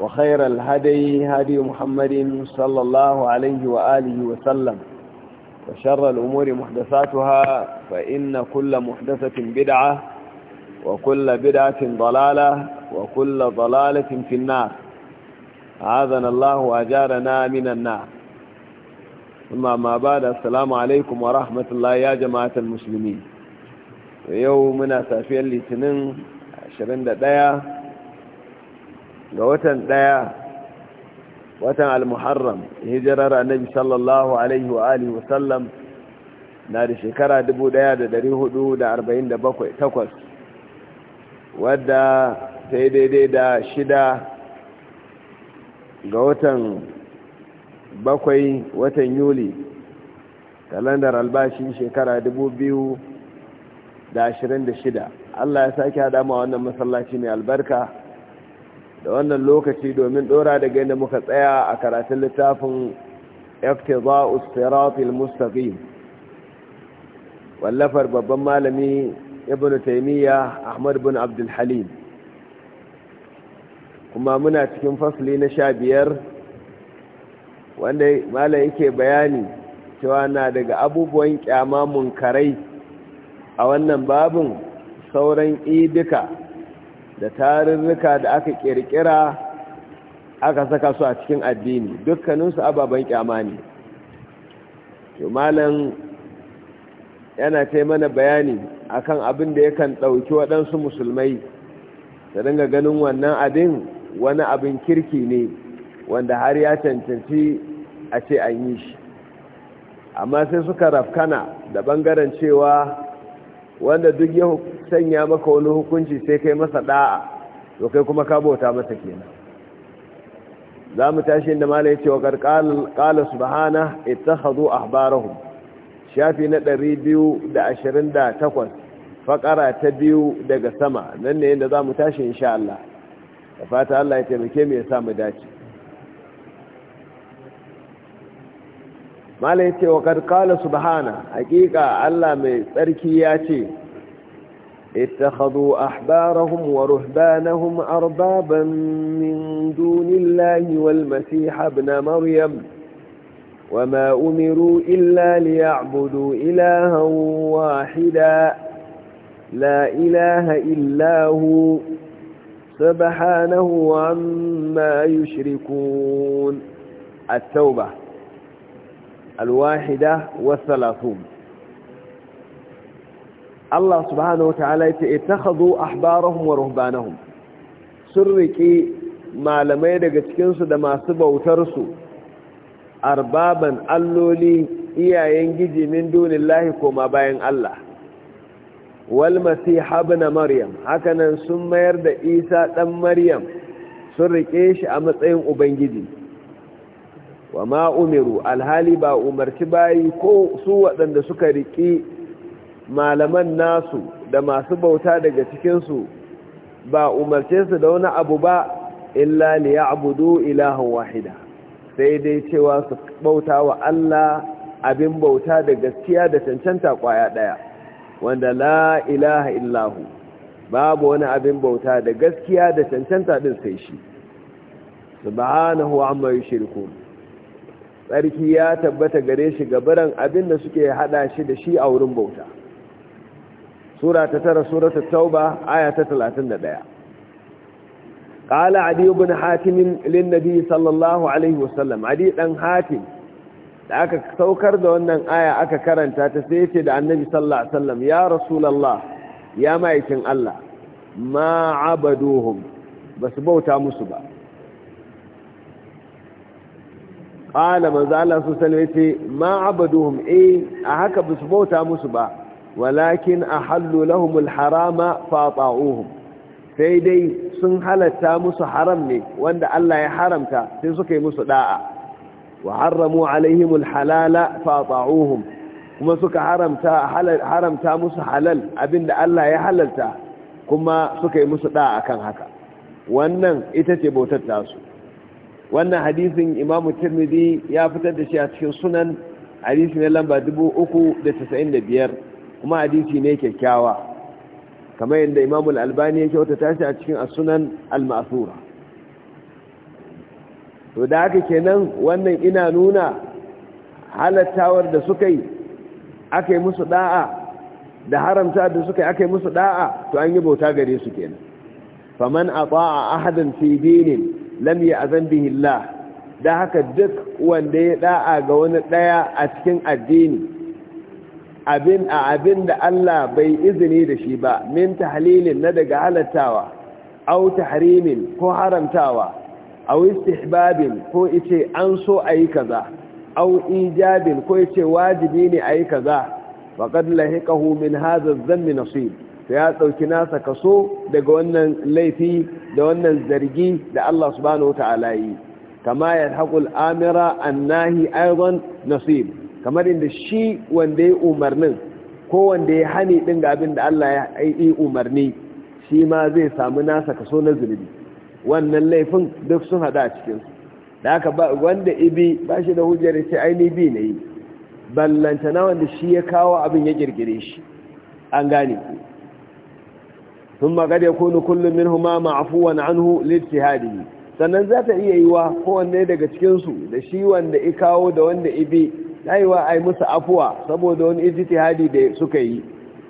وخير الهدي هدي محمد صلى الله عليه وآله وسلم وشر الأمور محدثاتها فإن كل محدثة بدعة وكل بدعة ضلالة وكل ضلالة في النار عاذنا الله وأجارنا من النار ثم ما بعد السلام عليكم ورحمة الله يا جماعة المسلمين يومنا سافيا لسنين 21 ga watan ɗaya watan al-muharram hijirar annabi sallallahu alaihi wa alihi wasallam na da shekara 1448 wadda ta yi daidai da shida ga watan bakwai watan yuli kalandar albashi shekara da shida. Allah ya sake haɗa ma wannan masallaci mai albarka da wannan lokaci domin dora da yadda muka tsaya a karatun littafin iftiza'us siratil mustaqim wallafar babban malami ibn taymiya ahmad ibn abdul halim kuma muna cikin fasli na sha biyar wanda malam yake bayani cewa na daga abubuwan kyama karai a wannan babin sauran idika da tarurruka da aka kirkira aka saka su a cikin addini dukkaninsu ababen kyama ne malam yana ta mana bayani akan abin da yakan ɗauki waɗansu musulmai da dinga ganin wannan abin wani abin kirki ne wanda har ya cancanci a ce an yi shi amma sai suka rafkana da ɓangaren cewa wanda duk ya sanya maka wani hukunci sai kai masa da'a to kai kuma ka bauta masa kenan za mu tashi inda mala ce wa qala subhana ittakhadhu ahbarahum shafi na 228 fakara ta biyu daga sama nan ne inda za mu tashi insha Allah da fata Allah ya taimake mu ya sa mu dace mala ya وقد قال سبحانه subhana hakika Allah mai tsarki اتخذوا أحبارهم ورهبانهم أربابا من دون الله والمسيح ابن مريم وما أمروا إلا ليعبدوا إلها واحدا لا إله إلا هو سبحانه عما يشركون التوبة alwahida wasalatun Allah subhanahu wata'ala ya ce ittakhadhu ahbarahum wa ruhbanahum sun riki malamai daga cikinsu da masu bautar su arbaban alloli iyayen giji min dunillahi koma bayan Allah wal masih ibn maryam hakanan sun mayar da Isa dan maryam sun rike shi a matsayin ubangiji wa ma umiru alhali ba umarci bayi ko su waɗanda suka riƙi malaman nasu da masu bauta daga cikinsu ba umarce su da wani abu ba illa li ya'budu ilahan wahida sai dai cewa su bauta wa Allah abin bauta da gaskiya da cancanta kwaya ɗaya. wanda la ilaha illahu babu wani abin bauta da gaskiya da cancanta din sai shi subhanahu amma yushrikun tsarki ya tabbata gare shi gabaran abin da suke hada shi da shi a wurin bauta sura ta tara ta tauba aya ta daya ƙala adi ibn hatim lin nabi sallallahu alaihi wasallam adi dan hatim da aka saukar da wannan aya aka karanta ta sai ce da annabi sallallahu alaihi wasallam ya rasulullah ya ma'aikin Allah ma abaduhum basu bauta musu ba ƙala manzo Allah su ce ma abaduhum eh a haka ba su bauta musu ba walakin a hallu lahumul harama fata'uhum sai dai sun halatta musu haram ne wanda Allah ya haramta sai suka yi musu da'a wa harramu alaihimul halala fata'uhum kuma suka haramta haramta musu halal abinda Allah ya halalta kuma suka yi musu da'a kan haka wannan ita ce bautar tasu wannan hadisin imam tirmidhi ya fitar da shi a cikin sunan hadisi ne lamba 395 kuma hadisi ne kyakkyawa kamar yadda imam al-albani ya kyautata tashi a cikin sunan al-ma'thura to da haka kenan wannan ina nuna halattawar da suka yi aka musu da'a da haramta da suka yi aka musu da'a to an yi bauta gare su kenan faman ata'a ahadan fi dinin lam azan bihi Allah da haka duk wanda ya da'a ga wani daya a cikin addini abin a abin da Allah bai izini da shi ba min tahlilin na daga halattawa aw tahrimin ko haramtawa aw istihbabin ko ice an so ayi kaza aw ijabin ko ice wajibi ne ayi kaza faqad lahiqahu min hadha adh-dhanbi nasib to ya ɗauki nasa kaso daga wannan laifi da wannan zargi da Allah subhanahu ta'ala yi kama ya haƙul amira annahi aizon nasib kamar inda shi wanda ya umarnin ko wanda ya hani ɗin ga abin da Allah ya yi umarni shi ma zai samu nasa kaso na zunubi wannan laifin duk sun hada a cikinsu da haka wanda ibi ba shi da hujjar ya ce aini bi na yi ballantana wanda shi ya kawo abin ya ƙirƙire shi an gane ثم قد يكون كل منهما معفوا عنه لاجتهاده sannan za ta iya yi wa kowanne daga cikinsu da shi wanda i kawo da wanda ibi na yi wa a yi musu afuwa saboda wani ijtihadi da suka yi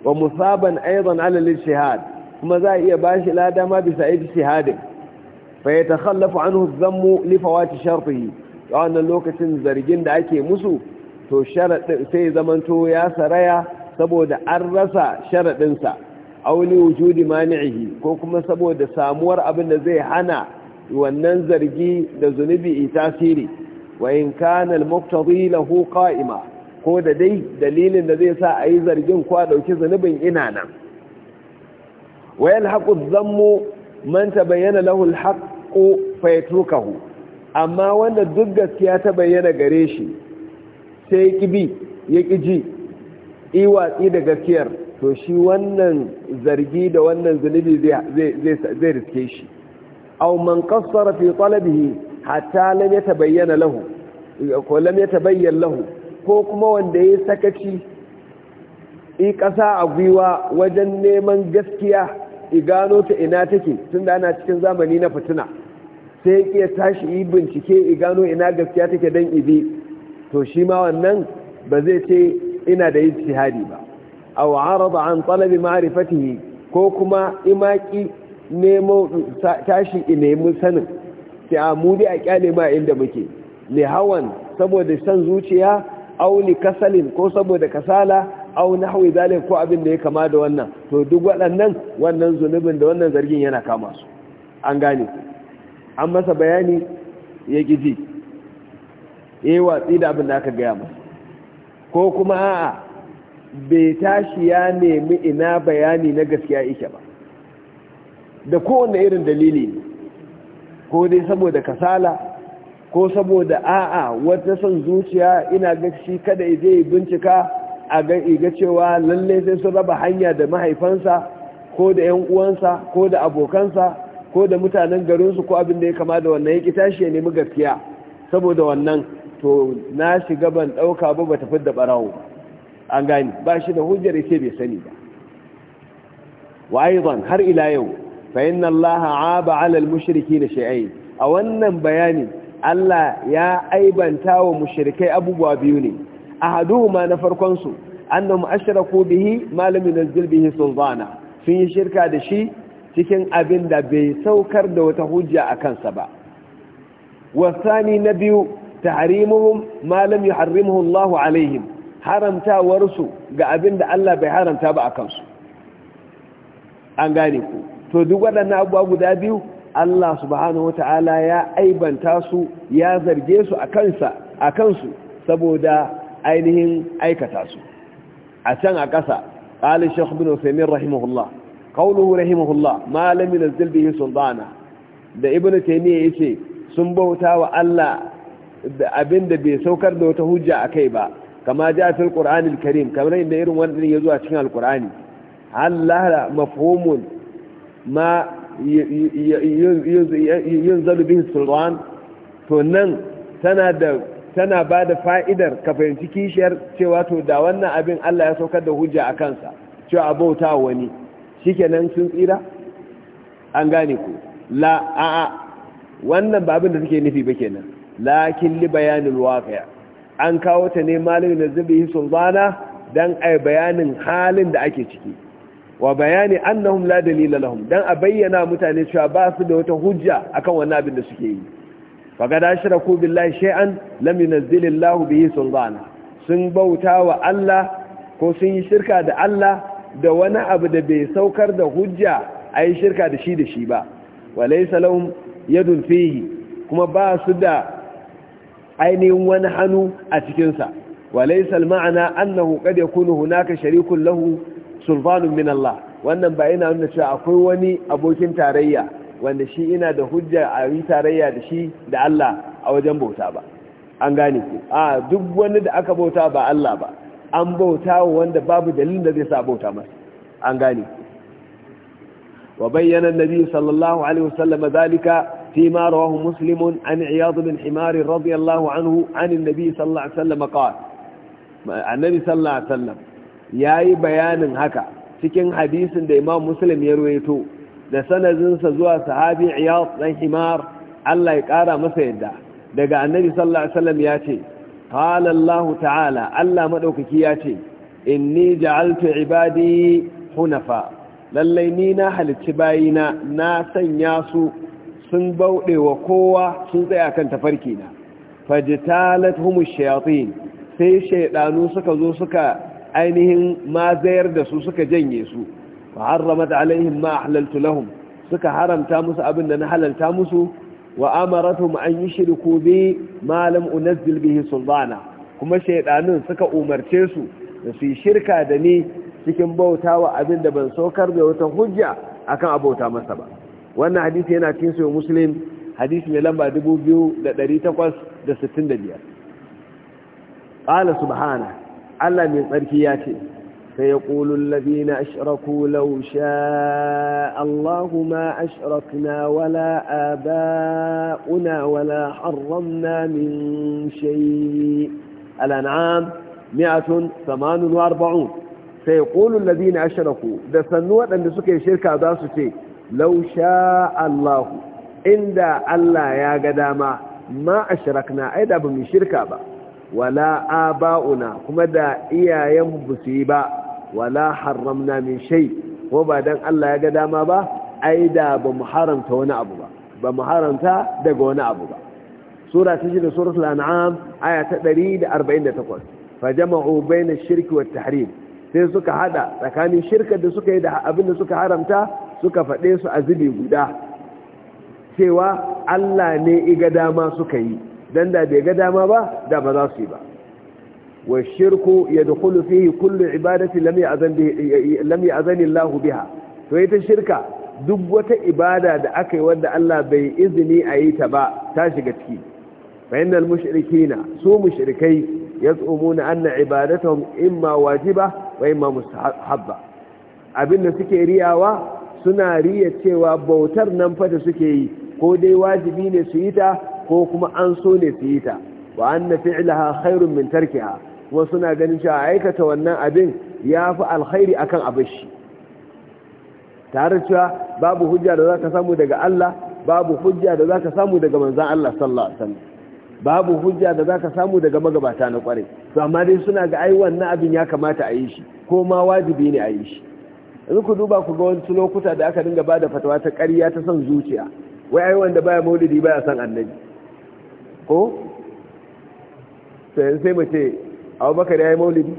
wa musaban aidan alal ijtihad kuma za a iya ba shi lada bisa ijtihadin fa ya takhallafu anhu dhammu li fawati shartihi a wannan lokacin zargin da ake musu to sharadin sai zamanto ya saraya saboda an rasa sharaɗinsa. auli wujudi mani'ihi ko kuma saboda samuwar abin da zai hana wannan zargi da zunubi tasiri wa in kana al-muqtadi lahu qa'ima ko da dai dalilin da zai sa ayi zargin ko a dauki zunubin ina nan wa yalhaqu adh-dhammu man tabayyana lahu al-haqqu fayatrukahu amma wanda duk gaskiya ta bayyana gare shi sai ya kibi ya kiji iwatsi da gaskiyar to shi wannan zargi da wannan zunubi zai riske shi aw man qassara fi talabihi hatta lam yatabayyana lahu ko lam yatabayyan lahu ko kuma wanda yayi sakaci i kasa a gwiwa wajen neman gaskiya i gano ta ina take tunda ana cikin zamani na fitina sai ya tashi yi bincike i gano ina gaskiya take dan ibi to shi ma wannan ba zai ce ina da ijtihadi ba aw arada an talabi ma'rifatihi ko kuma imaki nemo tashi nemi sanin sai a mu dai a kyale ma inda muke li hawan saboda san zuciya aw li kasalin ko saboda kasala aw nahwi zalik ko abin da ya kama da wannan to duk waɗannan wannan zunubin da wannan zargin yana kama su an gane an masa bayani ya giji eh watsi da abin da aka gaya masa ko kuma a'a bai tashi ya nemi ina bayani na gaskiya ike ba da kowane irin dalili ko dai saboda kasala ko saboda a'a wata son zuciya ina ga kada kada yi bincika a ga iga cewa lalle sai sun raba hanya da mahaifansa ko da yan uwansa ko da abokansa ko da mutanen garinsu ko abin da ya kama da wannan ya tashi ya nemi gaskiya saboda wannan to na shiga ban ɗauka ba ba tafi da ɓarawo ba an gani ba shi da hujjar ce bai sani ba wa har ila yau fa inna allaha aba ala al-mushrikeena a wannan bayani Allah ya aibanta wa mushrikai abubuwa biyu ne ahaduhuma na farkon su annahum ashraku bihi malamin nazil yunzil bihi zana. sun yi shirka da shi cikin abin da bai saukar da wata hujja a kansa ba wasani na biyu tahrimuhum malam lam yuharrimuhu Allah alaihim haramtawarsu ga abin da Allah bai haramta ba a kansu an gane ku to duk waɗannan abubuwa guda biyu Allah subhanahu wata'ala ya aibanta su ya zarge su a kansa a kansu saboda ainihin aikata su a can a ƙasa ƙalin shekhu bin usaimin rahimahullah ƙaunuhu rahimahullah malamin lam yunzil sun sultana da ibn ibnu yi ce sun bauta wa Allah da abinda bai saukar da wata hujja a kai ba kama ja fil qur'anil karim kamar inda irin wannan ya zo a cikin alqur'ani Allah mafhumun ma yunzalu bihi sulwan to nan tana ba da fa'idar ka fahimci kishiyar cewa to da wannan abin Allah ya saukar da hujja a kansa cewa abauta wani shikenan sun tsira an gane ku la a'a wannan ba abin da take nufi ba kenan bayanin li an kawo ta ne malin na zubi sulbana don a bayanin halin da ake ciki wa bayani annahum la dalila lahum Don a bayyana mutane cewa ba su da wata hujja akan wani abin da suke yi lai sha'an billahi shay'an lam yunzilillahu bihi sulbana sun bauta wa Allah ko sun yi shirka da Allah da wani abu da bai saukar da hujja a yi shirka da shi da shi ba wa laysa yadun fihi kuma ba su da ainihin wani hannu a cikinsa walaisal ma'ana annahu kad yakunu hunaka sharikun lahu sulfanun min Allah wannan ba ina nuna cewa akwai wani abokin tarayya wanda shi ina da hujja a yi tarayya da shi da Allah a wajen bauta ba an gane ku a duk wani da aka bauta ba Allah ba an bauta wanda babu dalilin da zai sa bauta masa an gane ku wa bayyana nabi sallallahu alaihi wasallam zalika فيما رواه مسلم عن عياض بن حمار رضي الله عنه عن النبي صلى الله عليه وسلم قال النبي صلى الله عليه وسلم bayanin haka cikin hadisin da Imam Muslim ya ruwaito da sanadinsa zuwa sahabi Iyad dan Himar Allah ya kara masa yadda daga Annabi sallallahu alaihi wasallam ya ce qala Allah ta'ala Allah madaukaki ya ce inni ja'altu ibadi hunafa lallai ni na halicci bayina na sanya su sun bauɗe wa kowa sun tsaya kan tafarki na fajitalat Humus shayatin sai shaidanu suka zo suka ainihin mazayar da su suka janye su fa harramat alaihim ma ahlaltu lahum suka haramta musu abin da na halalta musu wa amaratuhum an yushriku bi ma lam unzil bihi sultana kuma shaidanun suka umarce su da su shirka da ni cikin bautawa abin da ban saukar da wata hujja akan abota masa ba wannan hadisi yana cikin sayo muslim hadisi mai lamba 2865 ƙala subhana allah mai tsarki ya ce sai ya ƙulun labina ashiraku lausha allahu ma ashirakna wala aba'una wala harramna min shayi al'an'am 148 sai ya ƙulun labina ashiraku da sannu waɗanda suka yi shirka za su ce Lausha sha Allah inda Allah ya ga dama ma ashrakna ai da ba mu shirka ba wala aba'una kuma da iyayen mu ba wala harramna min shai ko ba dan Allah ya ga dama ba ai da ba mu haramta wani abu ba ba mu haramta daga wani abu ba sura ta shida suratul an'am aya ta 148 fajama'u bayna ash-shirki wat-tahrim sai suka haɗa tsakanin shirkar da suka yi da abin da suka haramta suka faɗe su a zubi guda cewa Allah ne iga dama suka yi dan da bai ga dama ba da ba za su yi ba wa shirku yadkhulu fihi kullu ibadati lam ya'zan bihi biha to ita shirka duk wata ibada da aka yi wanda Allah bai izini a yi ta ba ta shiga ciki fa innal mushrikina su mushrikai na anna ibadatuhum imma wajiba wa imma mustahabba abinda suke riyawa suna riya cewa bautar nan fata suke yi ko dai wajibi ne su yi ta ko kuma an so ne su yi ta wa anna fi'laha khairun min tarkiha kuma suna ganin cewa aikata wannan abin ya fi alkhairi akan abin shi tare cewa babu hujja da zaka samu daga Allah babu hujja da zaka samu daga manzan Allah sallallahu alaihi wasallam babu hujja da zaka samu daga magabata na kwarai to amma dai suna ga ai wannan abin ya kamata a yi shi ko ma wajibi ne a yi shi in ku duba ku ga wani lokuta da aka dinga bada fatawa ta ƙarya ta son zuciya wai ai wanda baya maulidi baya son annabi ko sai sai mu ce Bakar yayi maulidi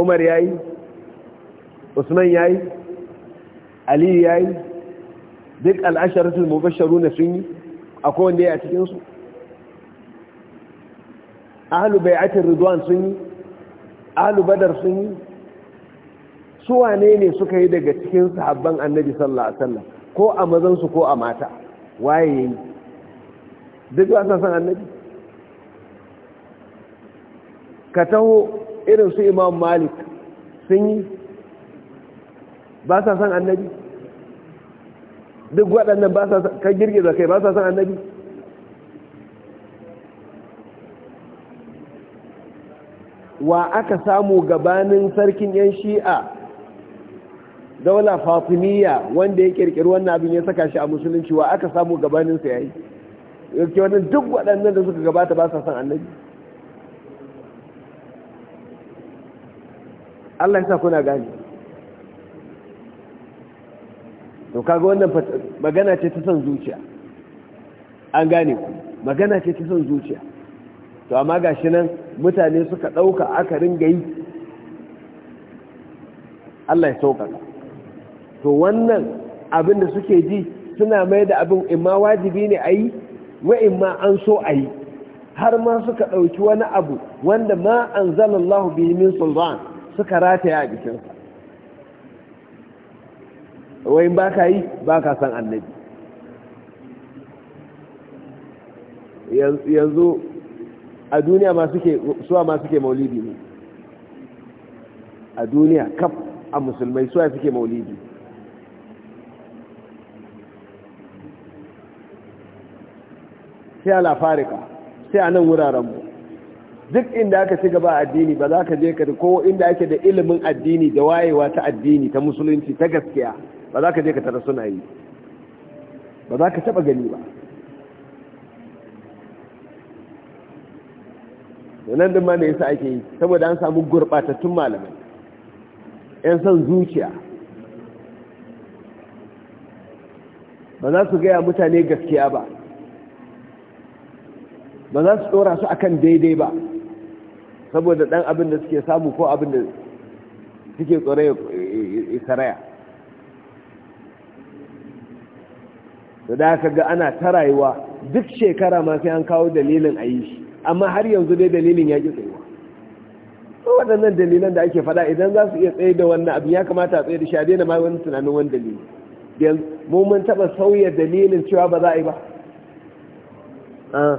umar yayi usman yayi ali yayi duk al'asharatul mubashsharuna sun yi akwai wanda ya a cikin su ahlu bai'atir ridwan sun yi ahlu badar sun yi su wane ne suka yi daga cikin sahabban annabi sallallahu alaihi wasallam ko a su ko a mata waye yayi duk ba san annabi ka taho irin su imam malik sun yi ba sa san annabi duk waɗannan ba sa ka girgiza kai ba sa san annabi wa aka samu gabanin sarkin yan shi'a daula fatimiyya wanda ya kirkiri wannan abin ya saka shi a musulunci wa aka samu gabaninsa ya yi yake wannan duk waɗannan da suka gabata ba sa son annabi Allah ya sa kuna gani to kaga wannan magana ce ta son zuciya an gane ku magana ce ta son zuciya to amma gashi nan mutane suka ɗauka aka ringa yi Allah ya sauƙaƙa to wannan abin da suke ji suna mai da abin imma wajibi ne a yi wa imma an so a yi har ma suka ɗauki wani abu wanda ma an Allahu biyu min sultan suka rataya a jikinsa wayin ba ka yi ba ka san annabi yanzu a duniya masu ke, suwa ma suke maulidi ne a duniya kaf a musulmai suwa suke maulidi sai ala farika sai a nan wurarenmu duk inda aka ci gaba addini ba za ka je ka ko inda ake da ilimin addini da wayewa ta addini ta musulunci ta gaskiya ba za ka je ka tara suna yi ba za ka taba gani ba wannan din ma ne yasa ake yi saboda an samu gurbatattun malamai yan son zuciya ba za su gaya mutane gaskiya ba ba za su tsora su akan daidai ba saboda dan abin da suke samu ko abin da suke ya saraya da aka ga ana ta rayuwa duk shekara ma sai an kawo dalilin a yi amma har yanzu dai dalilin ya ƙi tsayuwa to waɗannan dalilan da ake faɗa idan za su iya tsaye da wannan abin ya kamata a tsaye da shi a daina ma wani tunanin wani dalili mu mun taɓa sauya dalilin cewa ba za a yi ba ah.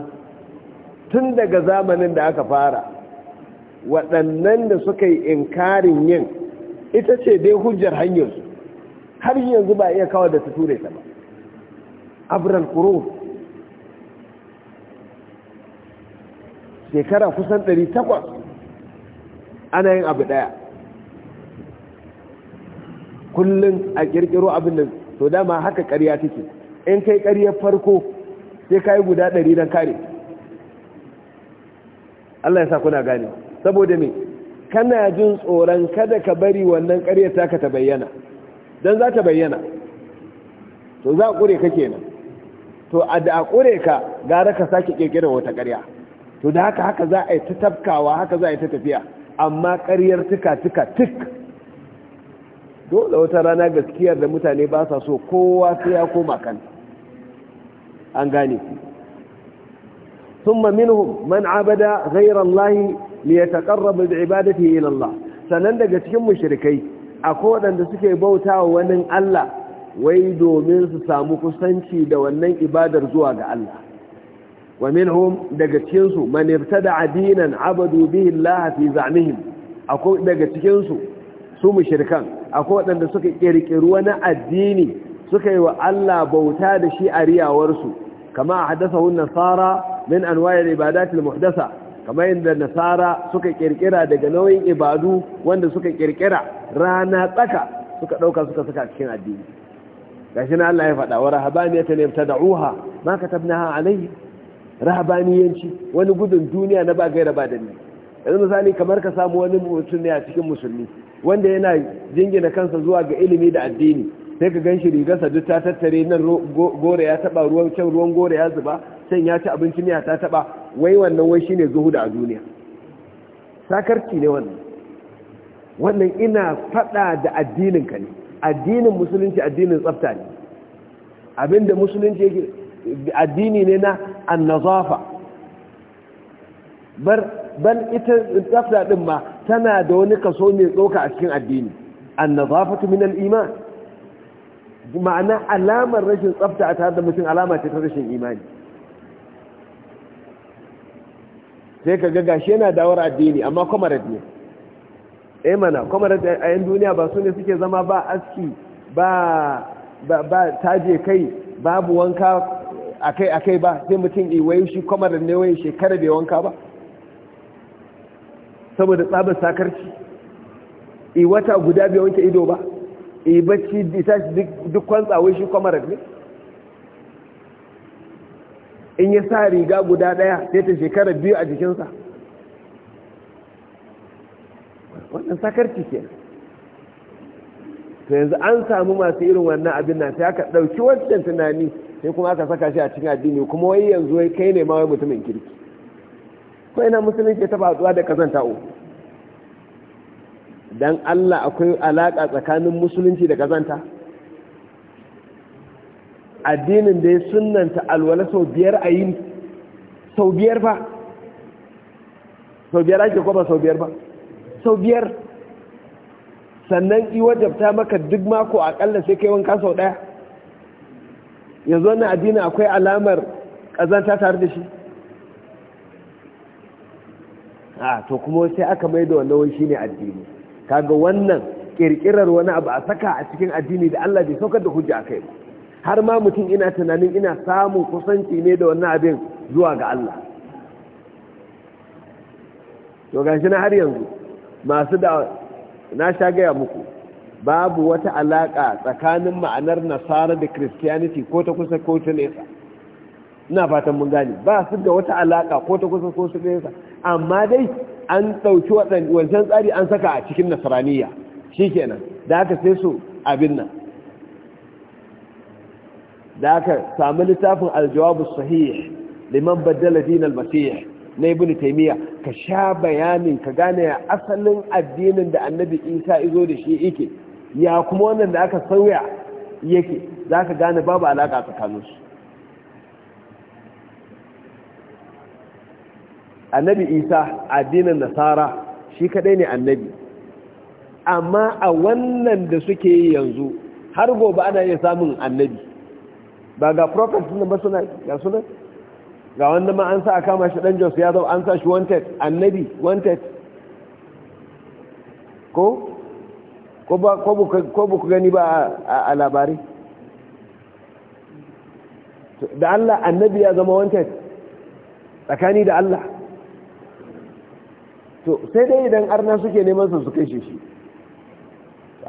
tun daga zamanin da aka fara waɗannan da suka yi inkarin yin ita ce dai hujjar hanyarsu har yanzu ba iya kawar da ta ture ta ba abral kuro shekara kusan 800 ana yin abu daya kullum a kirkiro abin da to dama haka karya take in kai karyar farko sai ka yi guda 100 don kare Allah ya sa kuna gane saboda me kana jin tsoron kada ka bari wannan ƙaryar taka ta bayyana dan za ta bayyana to za a ƙure ka kenan to a da a ƙure ka gara ka sake ƙirƙirar wata ƙarya to da haka haka za a yi ta tafkawa haka za a yi ta tafiya amma ƙaryar tuka-tuka tuk dole wata rana gaskiyar da mutane ba sa so kowa sai ya koma kan an gane ku ثم منهم من عبد غير الله ليتقرب بعبادته إلى الله sannan daga cikin mushrikai akwai waɗanda suke bauta wa wani Allah wai domin su samu kusanci da wannan ibadar zuwa ga Allah wa minhum daga cikin su man ibtada abadu bihi Allah fi za'mihim akwai daga cikin su su mushrikan akwai waɗanda suka kirkiru wani addini suka yi wa Allah bauta da shi a riyawarsu kama a haddasa nasara min da ibadatul muhdasa kamar yadda nasara suka kirkira daga nauyin ibadu wanda suka kirkira rana tsaka suka dauka suka saka cikin addini gashi na Allah ya faɗa wa rahabaniyata ne ta da'uha ma katabnaha alayhi rahabaniyanci wani gudun duniya na ba gaira ba dalili yanzu misali kamar ka samu wani mutum ne a cikin musulmi wanda yana jingina kansa zuwa ga ilimi da addini sai ka ganshi rigarsa duk ta tattare nan gore ya taba ruwan can ruwan gore ya zuba sai ya ci abinci miya ta taba wai wannan wai shine zuhuda a duniya sakarci ne wannan wannan ina fada da addinin ka ne addinin musulunci addinin tsafta ne abinda musulunci yake addini ne na annazafa bar ban ita tsafta din ma tana da wani kaso mai tsoka a cikin addini annazafatu min al-iman ma'ana alamar rashin tsafta a tare da mutum alama ce ta rashin imani sai ka ga gashi yana dawar addini amma kwamarad ne eh mana kwamarad a yin duniya ba su ne suke zama ba aski ba ba taje kai babu wanka akai akai ba sai mutum iwaye shi kwamarad ne waye shekara bai wanka ba saboda tsabar sakarci i wata guda bai wanke ido ba i bacci duk kwantsa wai shi kwamarad ne in ya sa riga guda ɗaya sai ta shekara biyu a jikinsa wannan sakarci ke to yanzu an samu masu irin wannan abin na sai aka ɗauki wancan tunani sai kuma aka saka shi a cikin addini kuma wai yanzu wai kai ne mawai mutumin kirki ko ina musulunci ta faɗuwa da kazanta o dan Allah akwai alaƙa tsakanin musulunci da kazanta addinin da ya sunanta alwala sau biyar a yi sau biyar ba sau biyar ake kwaba sau biyar ba sau biyar sannan iwa jabta maka duk mako akalla sai kai wanka sau daya yanzu wannan addinin akwai alamar kazanta tare da shi a to kuma sai aka mai da wani shi ne addini kaga wannan ƙirƙirar wani abu a saka a cikin addini da allah bai saukar da hujja a kai ba har ma mutum ina tunanin ina samun kusanci ne da wannan abin zuwa ga Allah to gashi na har yanzu masu da na sha gaya muku babu wata alaƙa tsakanin ma'anar nasara da christianity ko ta kusa ko ta nesa ina fatan mun gane ba su da wata alaƙa ko ta kusa ko ta nesa amma dai an ɗauki wancan tsari an saka a cikin nasaraniya shikenan da aka sai su abin nan da aka sami littafin aljawabu sahih liman baddala dinal masih na ibnu taymiya ka sha bayanin ka gane asalin addinin da annabi isa izo da shi yake ya kuma wannan da aka sauya yake zaka gane babu alaka tsakanin su annabi isa addinin nasara shi kadai ne annabi amma a wannan da suke yanzu har gobe ana iya samun annabi ba ga prophet din ba suna ga suna ga wanda ma an sa a kama shi dan jos ya zo an sa shi wanted annabi wanted ko ko ba ko ba ku gani ba a labari da Allah annabi ya zama wanted tsakani da Allah to sai dai idan arna suke neman su su kashe shi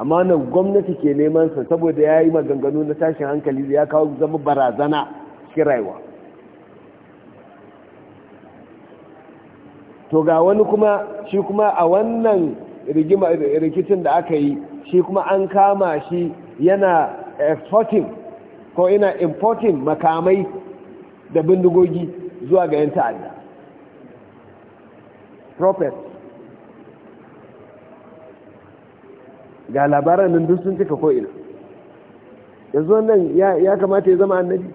amma nan gwamnati ke neman sa saboda ya yi maganganu na tashin hankali ya kawo zama barazana shi rayuwa to ga wani kuma shi kuma a wannan rikicin da aka yi shi kuma an kama shi yana exporting ko yana importing makamai da bindigogi zuwa ga 'yan ta'adda prophet ga labaran nan duk sun cika ko'ina yanzu wannan ya kamata ya zama annabi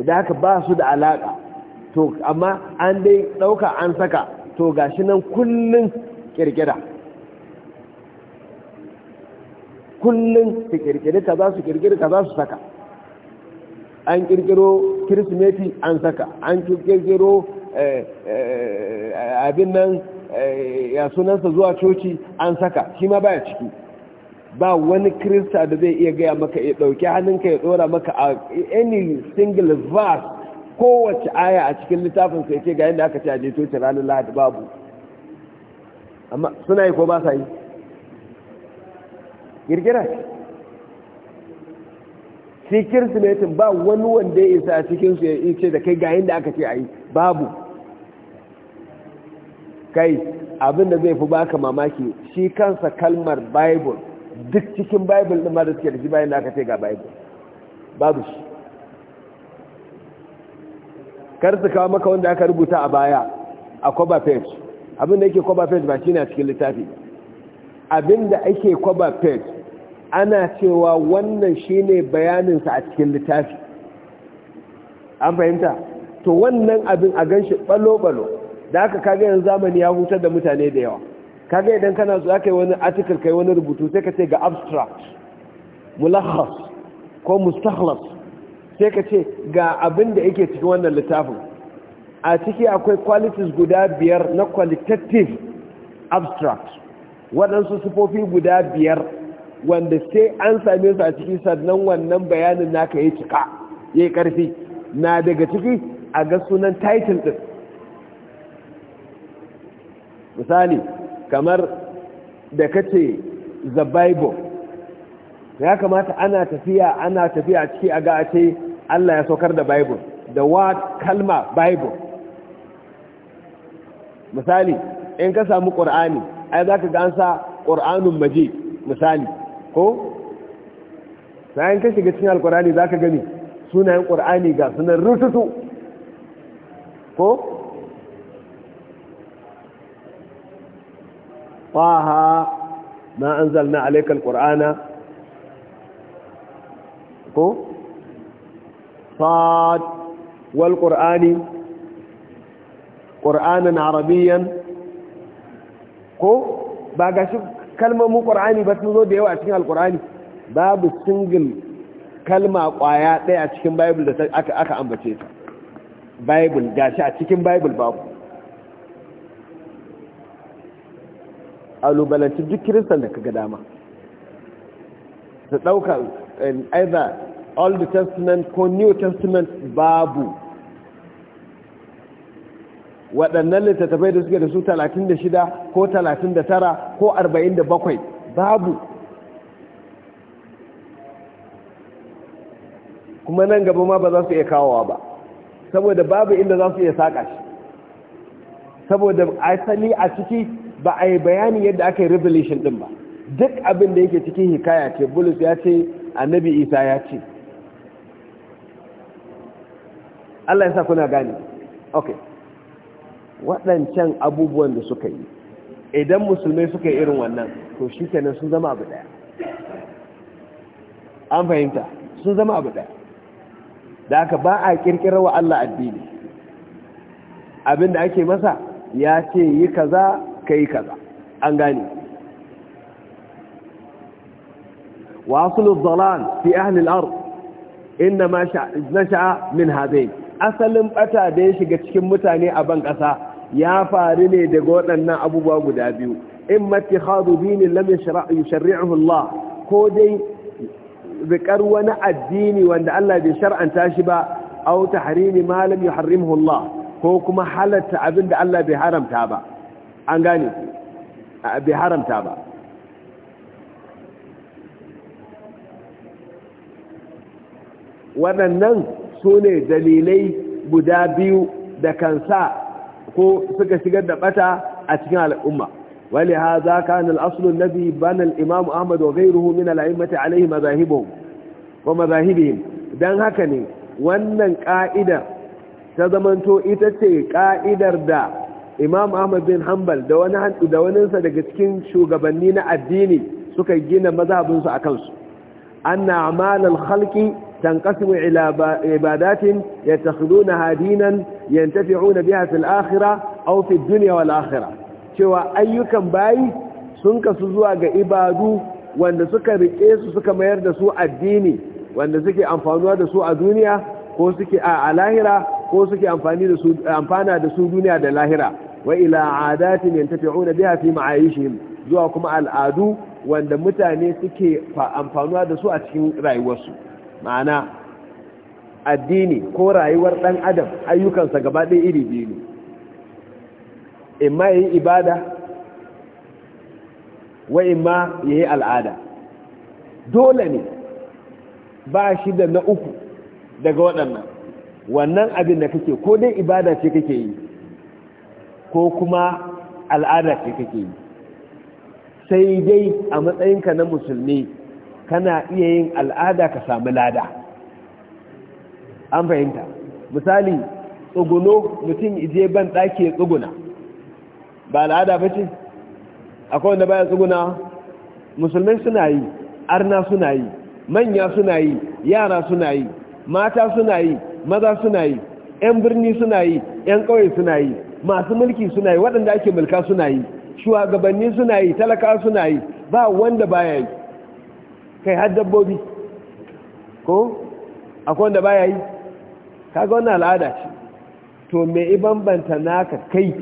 idan aka ba su da alaƙa to amma an dai ɗauka an saka to gashi nan kullum ƙirƙira kullum su ƙirƙiri ka za su ƙirƙiri ka za su saka an ƙirƙiro kirsimeti an saka an ƙirƙiro eh, eh, abin nan Eh, ya sunansa zuwa coci an saka shi ma baya ciki ba wani krista da zai iya gaya maka ya dauki hannunka ya ɗora maka a any single verse kowace aya a cikin littafin sai ce ga yadda aka ce a je coci ranar lahadi babu amma suna yi ko ba sa yi girgira ce cikin kirsimetin ba wani wanda ya isa a cikinsu ya ce da kai ga yadda aka ce a yi babu kai abin da zai fi baka mamaki shi kansa kalmar bible duk cikin bible ɗin ma da suke da shi bayan da aka ce ga bible babu shi kar su kawo maka wanda aka rubuta a baya a cover page abin da yake cover page ba shine a cikin littafi abin da ake cover page ana cewa wannan shine bayaninsa a cikin littafi an fahimta to wannan abin a gan shi balo-balo da aka kaga yanzu zamani ya hutar da mutane da yawa kaga idan kana zuwa kai wani article kai wani rubutu sai ka ce ga abstract mulakhas ko mustakhlas sai ka ce ga abin da yake cikin wannan littafin a ciki akwai qualities guda biyar na qualitative abstract waɗansu sufofi guda biyar wanda sai an same su a ciki sannan wannan bayanin naka ya cika ya yi ƙarfi na daga ciki a ga sunan title ɗin misali kamar da kace the bible ya kamata ana tafiya ana tafiya ciki a ga a ce Allah ya saukar da bible da word kalma bible misali in ka samu ƙur'ani, ai zaka ga an sa qur'anun misali ko sai ka shiga cikin alqur'ani zaka gani sunayen ƙur'ani ga sunan rututu ko طه ما أنزلنا عليك القرآن صاد والقرآن قرآنا عربيا ko ba ga shi kalmomin ƙwar'ani ba sun da yawa a cikin alƙwar'ani babu single kalma ƙwaya ɗaya a cikin bible da aka ambace ta bible ga a cikin bible babu kalubalanci duk kiristan da kaga dama su ɗauka eh, either old testament ko new testament babu waɗannan littattafai da suke da su 36 ko 39 ko 47 babu kuma nan gaba ma ba za su iya kawowa ba saboda babu inda za su iya saƙa shi saboda asali a ciki ba a yi bayanin yadda aka yi revelation din ba duk abin da yake cikin hikaya ce bulus ya ce annabi isa ya ce Allah ya sa kuna gani ok waɗancan abubuwan da suka yi idan musulmai suka yi irin wannan to shi kenan sun zama abu ɗaya an fahimta sun zama abu ɗaya da aka ba a ƙirƙirar wa Allah addini abin da ake masa ya ce yi kaza kai kaza an gane wa fi ahli al-ard inna nasha'a min hadain asalin bata da ya shiga cikin mutane a ban kasa ya faru ne daga waɗannan abubuwa guda biyu in mattikhadu dinin lam yusharri'uhu Allah ko dai zikar wani addini wanda Allah bai shar'anta shi ba aw tahrimi ma lam yuharrimuhu Allah ko kuma halatta abinda Allah bai haramta ba an gane bai haramta ba waɗannan sune dalilai guda biyu da kansa ko suka shigar da bata a cikin al'umma wali ha za ka nan asulun nabi banan imamu ahmad wa gairuhu min al'aimata alaihi mazahibihim wa mazahibihim don haka ne wannan ka'idar ta zamanto ita ce ƙa'idar da imam ahmad bin hanbal da wani hantu da waninsa daga cikin shugabanni na addini suka gina mazhabinsu a kansu anna amalan khalqi tanqasimu ila ibadatin yattakhiduna hadinan yantafi'una biha fil akhirah aw fi dunya wal akhirah cewa ayyukan bayi sun kasu zuwa ga ibadu wanda suka rike su suka mayar da su addini wanda suke amfanuwa da su a duniya ko suke a lahira ko suke amfani da su amfana da su duniya da lahira wa ila adatin yantafi'una biha fi ma'ayishihim zuwa kuma al'adu wanda mutane suke amfanuwa da su a cikin rayuwarsu ma'ana addini ko rayuwar dan adam ayyukansa gaba ɗaya iri biyu ne imma yayi ibada wa imma yayi al'ada dole ne ba shi da na uku daga waɗannan wannan abin da kake ko dai ibada ce kake yi ko kuma al'ada ce kake yi sai dai a matsayinka na musulmi kana iya yin al'ada ka samu lada an fahimta misali tsuguno mutum ije ban ɗaki tsuguna ba al'ada ba ce akwai wanda baya tsuguna musulmai suna yi arna suna yi manya suna yi yara suna yi mata suna yi maza suna yi 'yan birni suna yi 'yan ƙauye suna yi masu mulki suna yi waɗanda ake mulka suna yi shugabanni suna yi talaka suna yi ba wanda baya yi kai har dabbobi ko akwai wanda baya yi kaga wannan al'ada ce to me i bambanta naka kai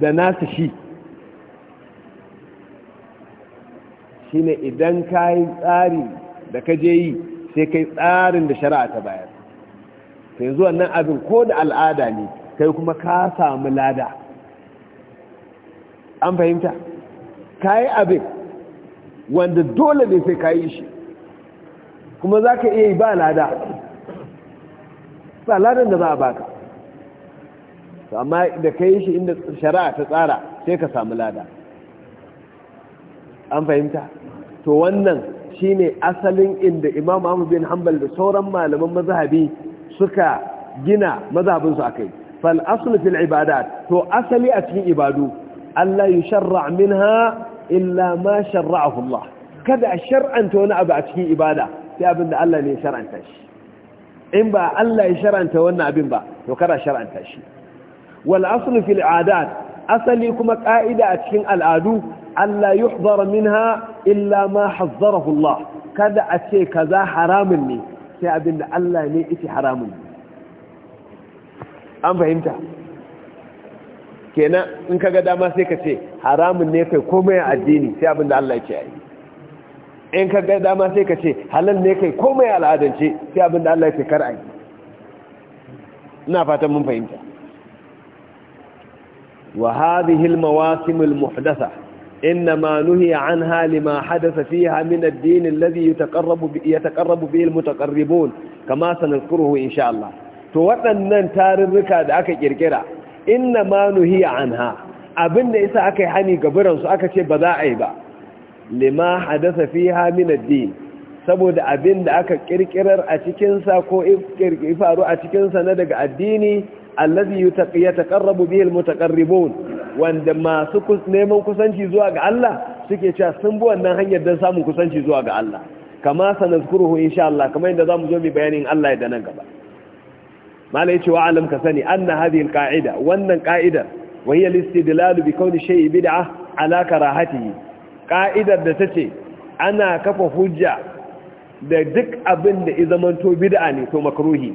da nasa shi shine idan ka yi tsari da ka je yi sai kai tsarin da shari'a ta bayar sai yanzu wannan abin ko da al'ada ne kai kuma ka samu lada an fahimta ka yi abin wanda dole ne sai ka yi shi kuma za ka iya yi ba lada ba ladan da za a baka amma da ka yi shi inda shari'a ta tsara sai ka samu lada an fahimta to wannan shine asalin inda imam ahmad bin hanbal da sauran malaman mazhabi suka gina mazhabinsu kai. fal aslu ibada, to asali a cikin ibadu Allah yusharra minha illa ma shar'ahu Allah kada a shar'anta wani abu a cikin ibada sai abin Allah ne ya shar'anta shi in ba Allah ya shar'anta wannan abin ba to kada shar'anta shi wal aslu fil adat asali kuma ka'ida a cikin al'adu Allah yuhdar minha illa ma hazzarahu Allah kada a ce kaza haramun ne sai abinda Allah ne yake haramun an fahimta kenan in ka ga dama sai ka ce haramun ne kai komai a addini sai abin da Allah ya ce yi in ka ga dama sai ka ce halal ne kai komai a al'adance sai abin da Allah ya kar a yi ina fatan mun fahimta wa hadhihi al-mawasim al-muhdatha إنما نهي عنها لما حدث فيها من الدين الذي يتقرب, يتقرب به المتقربون كما سنذكره إن شاء الله to waɗannan tarurruka da aka ƙirƙira inna ma nuhiya anha abinda isa aka yi hani ga su aka ce ba za a yi ba lima hadasa fi min ad-din saboda abinda aka ƙirƙirar a cikinsa ko faru a cikinsa na daga addini allazi yataqarrabu bihi al-mutaqarribun wanda masu neman kusanci zuwa ga Allah suke cewa sun bi wannan hanyar don samun kusanci zuwa ga Allah kama sanazkuruhu insha Allah kamar yadda zamu zo mai bayanin Allah ya da nan gaba malai cewa alam ka sani anna hadin ka'ida, wannan qa'idar wa hiya al-istidlal bi kauni shay'i bid'ah ala karahatihi Ka'idar da ta ce ana kafa hujja da duk abin da ya zamanto bid'a ne to makruhi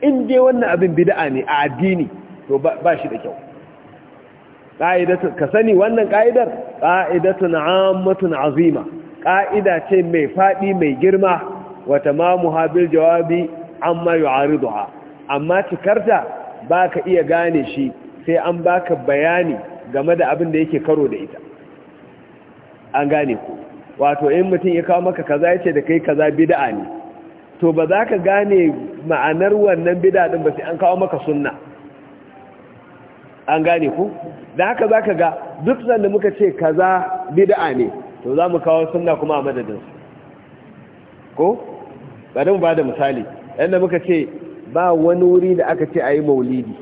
in je wannan abin bid'a ne a addini to ba shi da kyau ka sani wannan ka'idar. ƙa'idatun ammatun azima Ka'ida ce mai faɗi mai girma wata ma muhabil jawabi amma yu'ariduha amma cikarta ba ka iya gane shi sai an baka bayani game da abin da yake karo da ita an gane ku wato in mutum ya kawo maka kaza ya ce da kai kaza bid'a ne to ba za ka gane ma'anar wannan bid'a din ba sai an kawo maka sunna an gane ku da haka za ka ga duk sanda muka ce kaza bid'a ne to za mu kawo sunna kuma a madadinsu ko bari mu ba da misali yadda muka ce ba wani wuri da aka ce a yi maulidi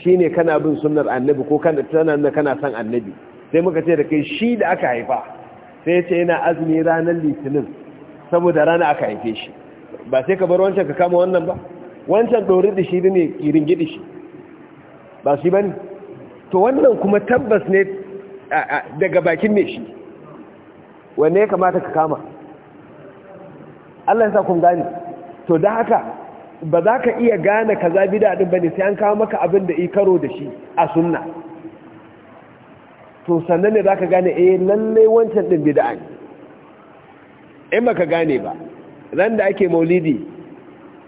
shi ne kana bin sunar annabi ko kana tunanin kana san annabi sai muka ce da kai shi da aka haifa sai ce yana azumi ranar litinin saboda rana aka haife shi ba sai ka bar wancan ka kama wannan ba wancan ɗori da shi ne irin gidi shi ba shi ba ne to wannan kuma tabbas ne daga bakin ne shi wanne ya kamata ka kama Allah ya sa kun gani to da haka ba za ka iya gane kaza bid'a ba ne sai an kawo maka abin da karo da shi a sunna to sannan ne za ka gane eh lallai wancan ɗin bid'a ne in ba ka gane ba ran da ake maulidi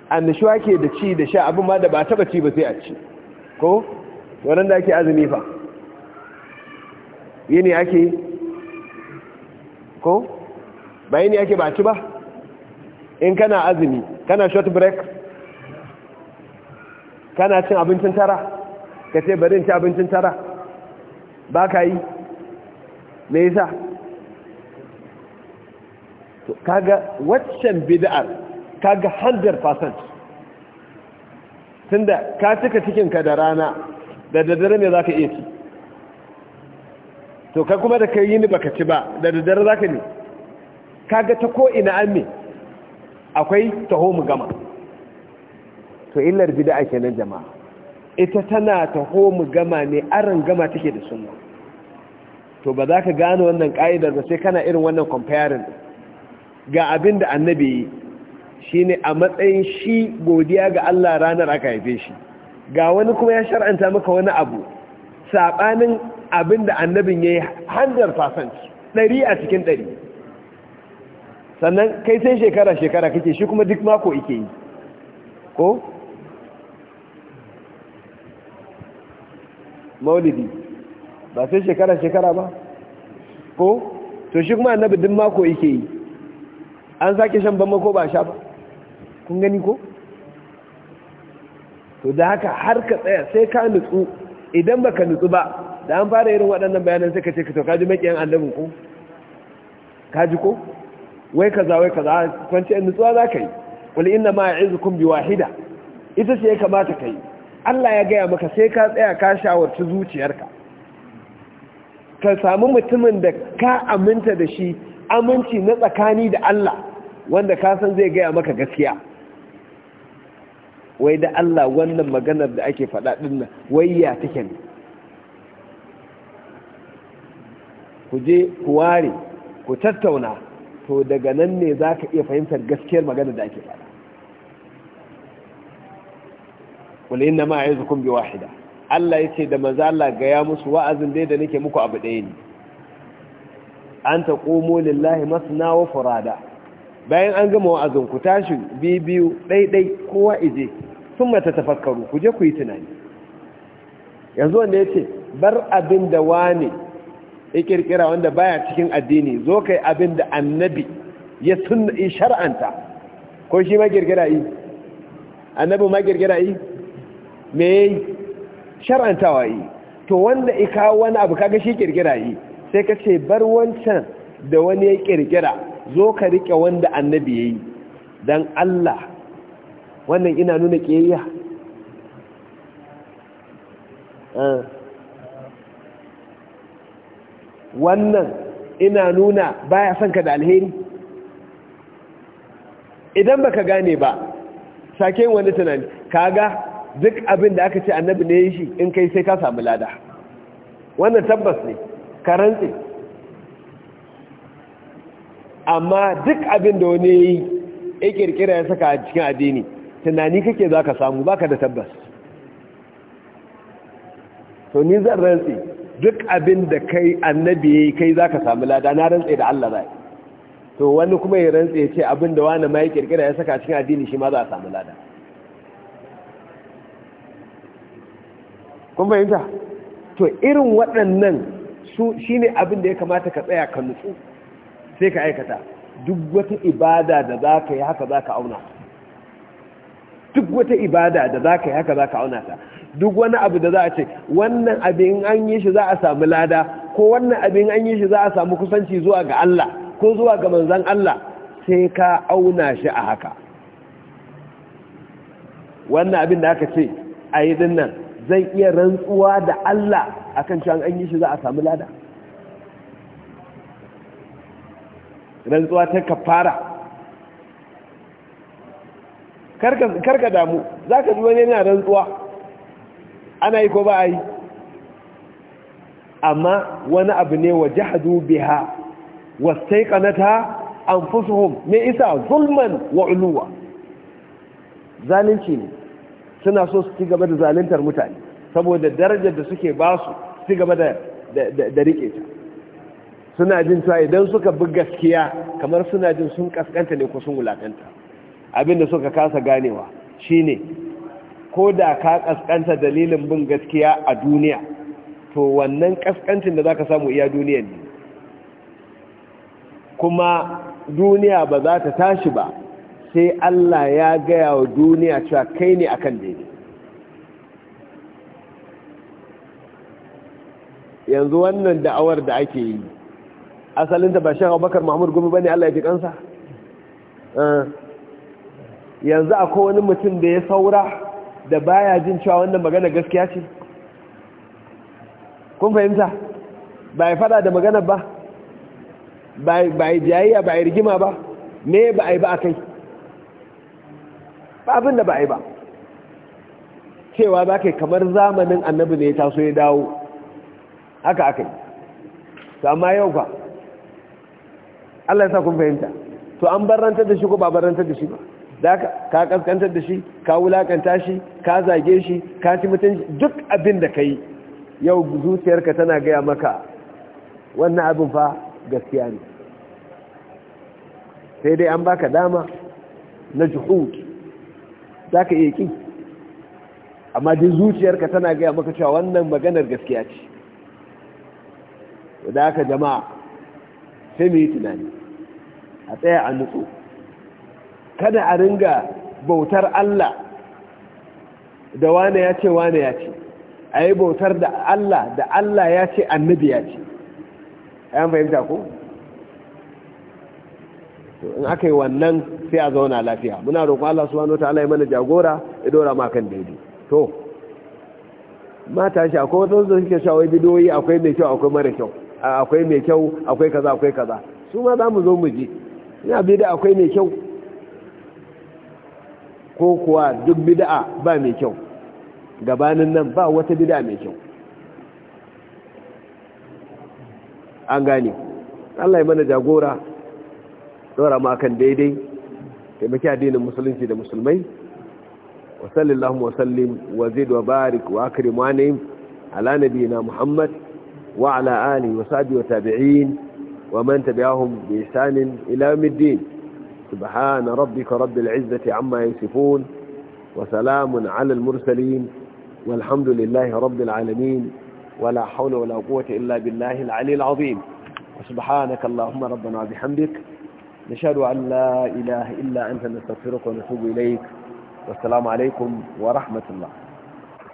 annashuwa ke da ci da sha abin ma da ba taba ci ba sai a ci ko ran da ake azumi fa yini ake ko ba yini ake ba ci ba in kana azumi kana short break kana cin abincin tara ka ce bari in ci abincin tara ba ka yi me yasa kaga waccan bid'ar kaga 100% tunda ka cika cikinka da rana da daddare ne zaka iya ci to ka kuma da kai yini baka ci ba da daddare zaka ne kaga ta ko ina an me akwai taho mu gama to illar bid'a kenan jama'a ita tana taho mu gama ne aran gama take da sunna to ba za ka gano wannan ka'idar ba sai kana irin wannan comparing ga abin da annabi shi ne a matsayin shi godiya ga Allah ranar aka haife shi ga wani kuma ya shar'anta maka wani abu saɓanin abin da annabin ya yi 100% ɗari a cikin ɗari sannan kai sai shekara shekara kake shi kuma duk mako ike yi ko maulidi ba sai shekara shekara ba ko to shi kuma annabi duk mako ike yi an sake shan bamma mako ba sha ba kun gani ko to da haka har ka tsaya sai ka nutsu idan ba ka nutsu ba da an fara irin waɗannan bayanan sai ka ce ka to kaji makiyan annabin ko kaji ko wai kaza wai kaza kwanci in nutsuwa za ka yi wani inda ma ya kun bi wahida ita ce ya kamata ka yi allah ya gaya maka sai ka tsaya ka shawarci zuciyarka ka samu mutumin da ka aminta da shi aminci na tsakani da allah wanda ka san zai gaya maka gaskiya wai da allah wannan maganar da ake faɗa ɗin wai ya take ne ku je ku ware ku tattauna to daga nan ne za ka iya fahimtar gaskiyar magana da ake fara wale yin na yanzu kun bi wahida Allah ya ce da maza Allah gaya musu wa'azin dai da nake muku abu ɗaya ne an ta ƙomo lillahi masu wa furada bayan an gama wa'azin ku tashi biyu ɗaiɗai kowa ije sun mata tafakkaru ku je ku yi tunani yanzu wanda ya ce bar abin da wane ya kirkira wanda baya cikin addini zo kai abin da annabi ya sunna shar'anta ko shi ma kirkira yi annabi ma kirkira yi me shar'antawa yi to wanda i wani abu kaga shi kirkira yi sai ka ce bar wancan da wani ya kirkira zo ka rike wanda annabi yayi dan Allah wannan ina nuna kiyayya ah. wannan ina nuna baya son ka da alheri idan baka gane ba sake wani tunani kaga duk abin da aka ce annabi ne shi in kai sai ka samu lada wannan tabbas ne karantse amma duk abin da wani yi ya kirkira ya saka cikin addini tunani kake za ka samu baka da tabbas to ni zan rantse duk abin da kai annabi yi kai zaka samu lada na rantse da Allah zai to wani kuma ya rantse ya ce abin da wani mai kirkira ya saka cikin addini shi ma za a samu lada kun fahimta to irin waɗannan su shi ne abin da ya kamata ka tsaya ka nutsu sai ka aikata duk wata ibada da za ka yi haka za ka auna duk wata ibada da za ka yi haka za ka auna ta duk wani abu da za a ce wannan abin an yi shi za a samu lada ko wannan abin an yi shi za a samu kusanci zuwa ga Allah ko zuwa ga manzan Allah sai ka auna shi a haka wannan abin da aka ce a yi dinnan zai iya rantsuwa da Allah kan cewa an yi shi za a samu lada rantsuwa ta kafara karka damu za ka ji wani yana rantsuwa ana yi ko ba a yi amma wani abu ne wa jihadu biha kanata an fusuhun me isa zulman wa uluwa zalunci ne suna so su ci gaba da zaluntar mutane saboda darajar da suke ba su ci gaba da da rike ta suna jin cewa idan suka bi gaskiya kamar suna jin sun kaskanta ne ko sun wulakanta abinda suka kasa ganewa shine ko da ka kaskanta dalilin bin gaskiya a duniya to wannan kaskancin da za ka samu iya duniya ne kuma duniya ba za ta tashi ba sai Allah ya gaya wa duniya cewa kai ne akan daidai yanzu wannan da'awar da ake yi asalinta ba shi abubakar mahmud gumi ba ne Allah ya fi kansa eh, yanzu akwai wani mutum da ya saura da baya jin cewa wannan magana gaskiya ce kun fahimta ba ya fada da magana ba ba ya jayayya ba ya rigima ba Ne ba a yi ba a kai ba abin da ba a yi ba cewa za ka kamar zamanin annabi ne ya taso ya dawo haka aka yi to amma yau ba Allah ya sa kun fahimta to an barantar da shi ko ba barantar da shi ba ka kaskantar da shi ka wulakanta shi ka zage shi ka ci mutunci duk abin da ka yi yau zuciyarka tana gaya maka wannan abin fa gaskiya ne sai dai an baka dama na juhud za ka iya ki amma duk zuciyarka tana gaya maka cewa wannan maganar gaskiya ce da aka jama'a sai mu tunani a tsaya a nutsu kada a ringa bautar Allah da wane ya ce wane ya ce a yi bautar da Allah da Allah ya ce annabi ya ce ayan fahimta ko? in aka yi wannan sai a zauna lafiya muna roƙon Allah subhanahu Allah ya mana jagora ya dora ma kan daidai to mata shi akwai wata wanda suke shawai bidoyi akwai mai kyau akwai mara kyau akwai mai kyau akwai kaza akwai kaza su ma za mu zo mu ji ina bida akwai mai kyau ko kuwa duk bida'a ba mai kyau gabanin nan ba wata bid'a mai kyau an gane Allah ya mana jagora dora ma akan daidai taimaki addinin musulunci da musulmai wa sallallahu wa sallim wa zid wa barik wa akrim wa naim ala nabiyina muhammad wa ala alihi wa sahbihi wa tabi'in wa man tabi'ahum bi ihsan ila سبحان ربك رب العزة عما يصفون وسلام على المرسلين والحمد لله رب العالمين ولا حول ولا قوة إلا بالله العلي العظيم وسبحانك اللهم ربنا بحمدك نشهد أن لا إله إلا أنت نستغفرك ونتوب إليك والسلام عليكم ورحمة الله